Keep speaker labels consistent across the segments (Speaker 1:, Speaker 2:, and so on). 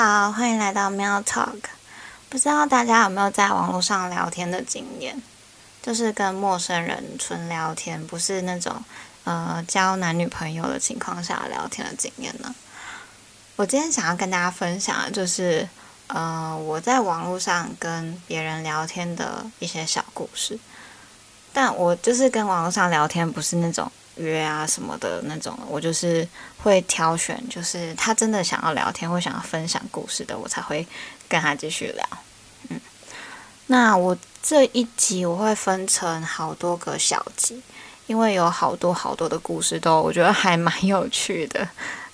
Speaker 1: 好，歡迎來到 Mio Talk。不知道大家有沒有在網絡上聊天的經驗，就是跟陌生人純聊天，不是那種呃交男女朋友的情況下聊天的經驗呢？我今天想要跟大家分享的就是呃我在網絡上跟別人聊天的一些小故事，但我就是跟網絡上聊天，不是那種。約啊什麼的那種，我就是會挑選，就是他真的想要聊天或想要分享故事的，我才會跟他繼續聊。嗯，那我這一集我會分成好多個小集，因為有好多好多的故事都我覺得還蠻有趣的，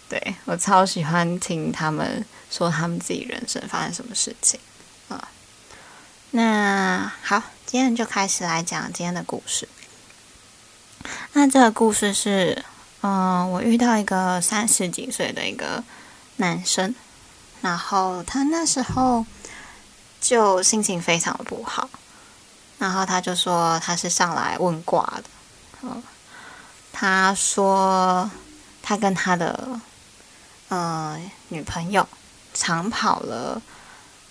Speaker 1: 對，我超喜歡聽他們說他們自己人生發生什麼事情啊。那好，今天就開始來講今天的故事。那這個故事是，嗯，我遇到一個三十幾歲的一個男生，然後他那時候就心情非常不好，然後他就說他是上來問卦的，嗯，他說他跟他的嗯女朋友長跑了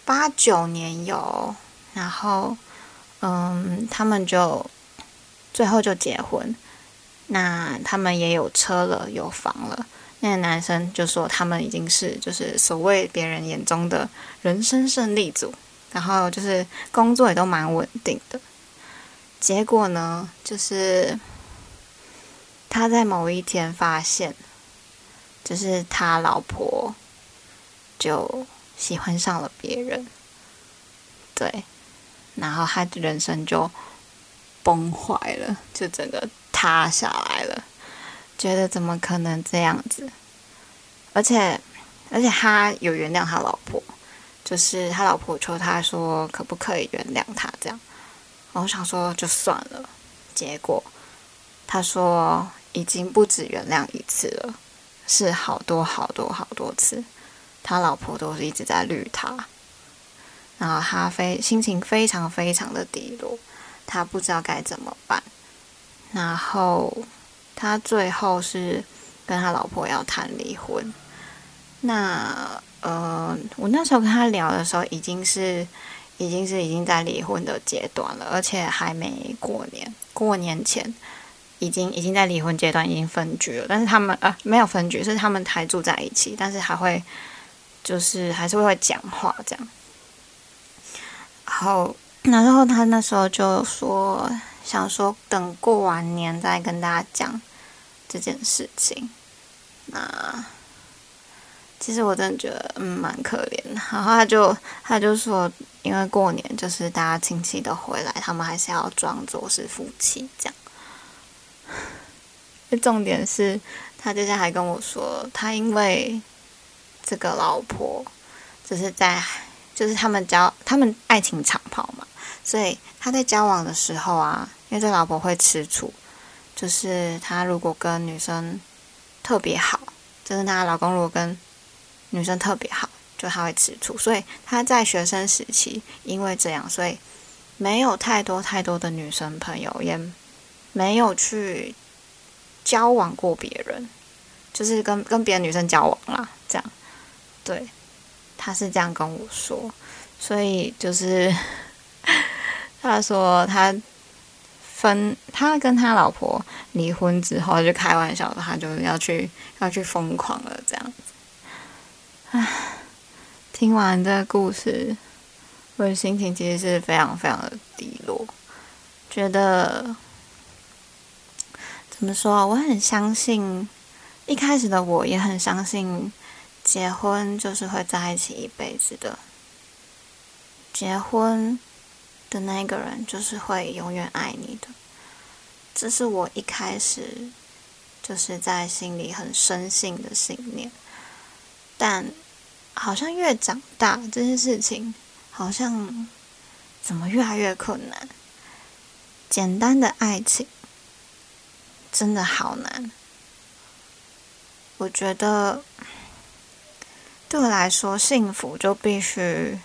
Speaker 1: 八九年有，然後嗯他們就最後就結婚，那他們也有車了，有房了。那個男生就說，他們已經是就是所謂別人眼中的人生勝利組，然後就是工作也都蠻穩定的。結果呢，就是他在某一天發現，就是他老婆就喜歡上了別人。對，然後他的人生就崩壞了，就整個塌下來了，覺得怎麼可能這樣子？而且，而且他有原諒他老婆，就是他老婆求他說可不可以原諒他這樣。我想說就算了，結果他說已經不止原諒一次了，是好多好多好多次。他老婆都是一直在綠他，然後他非心情非常非常的低落，他不知道該怎麼辦。然後他最後是跟他老婆要談離婚。那呃，我那時候跟他聊的時候，已經是已經是已經在離婚的階段了，而且還沒過年，過年前已經已經在離婚階段，已經分居了。但是他們呃沒有分居，是他們還住在一起，但是還會就是還是會會講話這樣。然後，然後他那時候就說。想說等過完年再跟大家講這件事情。那其實我真的覺得嗯蠻可憐的。然後他就他就說，因為過年就是大家親戚都回來，他們還是要裝作是夫妻這樣。重點是，他之前還跟我說，他因為這個老婆就是在就是他們家，他們愛情長跑嘛。所以他在交往的時候啊，因為這老婆會吃醋，就是他如果跟女生特別好，就是他老公如果跟女生特別好，就他會吃醋。所以他在學生時期，因為這樣，所以沒有太多太多的女生朋友，也沒有去交往過別人，就是跟跟別的女生交往啦。這樣，對，他是這樣跟我說，所以就是。他來說：“他分，他跟他老婆離婚之後，就開玩笑他就要去，要去瘋狂了這樣子。”唉，聽完這個故事，我的心情其實是非常非常的低落，覺得怎麼說？我很相信，一開始的我也很相信，結婚就是會在一起一輩子的，結婚。的那個人就是會永遠愛你的，這是我一開始就是在心裡很深信的信念。但好像越長大，這件事情好像怎麼越來越困難。簡單的愛情真的好難。我覺得對我來說，幸福就必須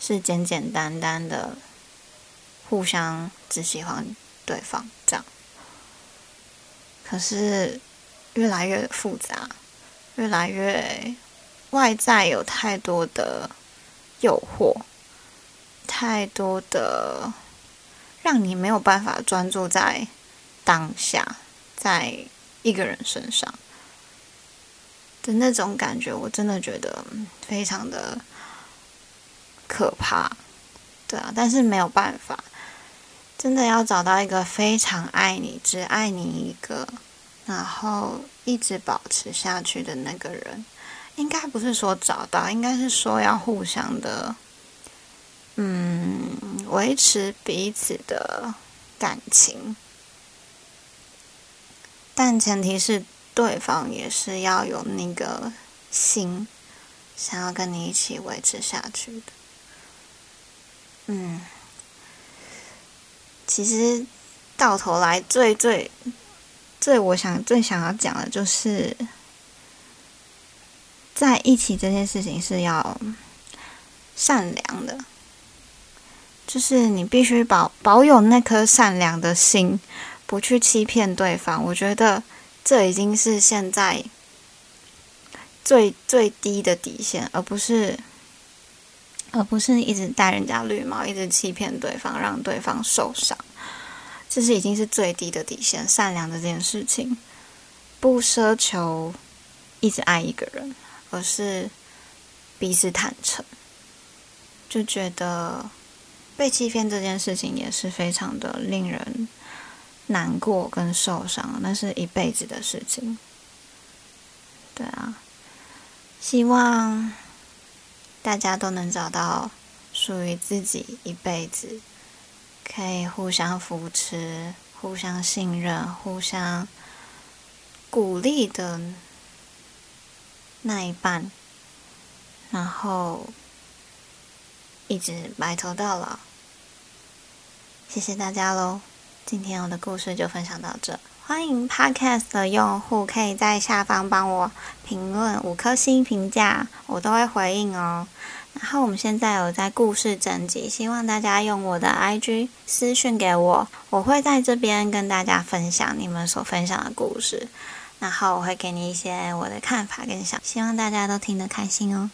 Speaker 1: 是簡簡單單的。互相只喜歡對方這樣，可是越來越複雜，越來越外在有太多的誘惑，太多的讓你沒有辦法專注在當下，在一個人身上的那種感覺，我真的覺得非常的可怕。對啊，但是沒有辦法。真的要找到一個非常愛你、只愛你一個，然後一直保持下去的那個人，應該不是說找到，應該是說要互相的，嗯，維持彼此的感情。但前提是對方也是要有那個心，想要跟你一起維持下去的，嗯。其實，到頭來最最最，我想最想要講的就是，在一起這件事情是要善良的，就是你必須保保有那顆善良的心，不去欺騙對方。我覺得這已經是現在最最低的底線，而不是。而不是一直戴人家綠帽，一直欺騙對方，讓對方受傷，這是已經是最低的底線。善良的這件事情，不奢求一直愛一個人，而是彼此坦誠。就覺得被欺騙這件事情也是非常的令人難過跟受傷，那是一輩子的事情。對啊，希望。大家都能找到屬於自己一輩子可以互相扶持、互相信任、互相鼓勵的那一半，然後一直白頭到老。謝謝大家嘍！今天我的故事就分享到這。歡迎 Podcast 的用戶可以在下方幫我評論五顆星評價，我都會回應哦。然後我們現在有在故事徵集，希望大家用我的 IG 私訊給我，我會在這邊跟大家分享你們所分享的故事，然後我會給你一些我的看法跟想，希望大家都聽得開心哦。